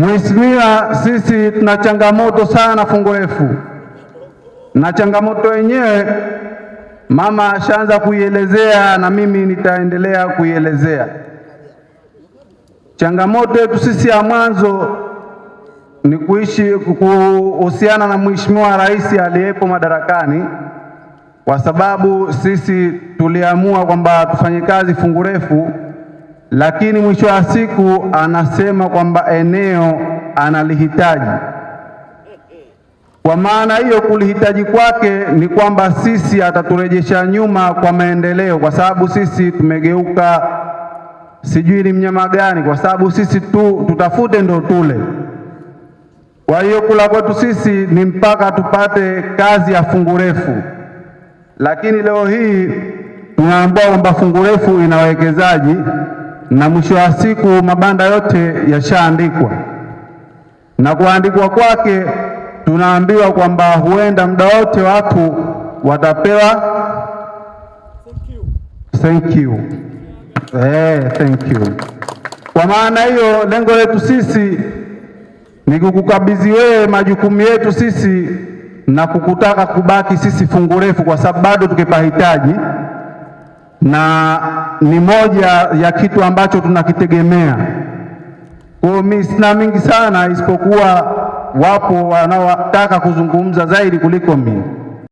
Mheshimiwa, sisi tuna changamoto sana refu na changamoto yenyewe mama ashaanza kuielezea na mimi nitaendelea kuielezea. Changamoto yetu sisi ya mwanzo ni kuishi kuhusiana na Mheshimiwa Rais aliyepo madarakani, kwa sababu sisi tuliamua kwamba tufanye kazi refu lakini mwisho wa siku anasema kwamba eneo analihitaji. Kwa maana hiyo kulihitaji kwake ni kwamba sisi ataturejesha nyuma kwa maendeleo, kwa sababu sisi tumegeuka sijui ni mnyama gani, kwa sababu sisi tu tutafute ndo tule. Kwa hiyo kula kwetu sisi ni mpaka tupate kazi ya fungu refu, lakini leo hii tunaambiwa kwamba fungu refu ina wawekezaji na mwisho wa siku mabanda yote yashaandikwa, na kuandikwa kwake tunaambiwa kwamba huenda muda wote watu watapewa thank you. Eh, thank you. Kwa maana hiyo lengo letu sisi ni kukukabidhi wewe majukumu yetu sisi na kukutaka kubaki sisi fungu refu, kwa sababu bado tukipahitaji na ni moja ya kitu ambacho tunakitegemea. Kwa hiyo mimi sina mingi sana, isipokuwa wapo wanaotaka kuzungumza zaidi kuliko mimi.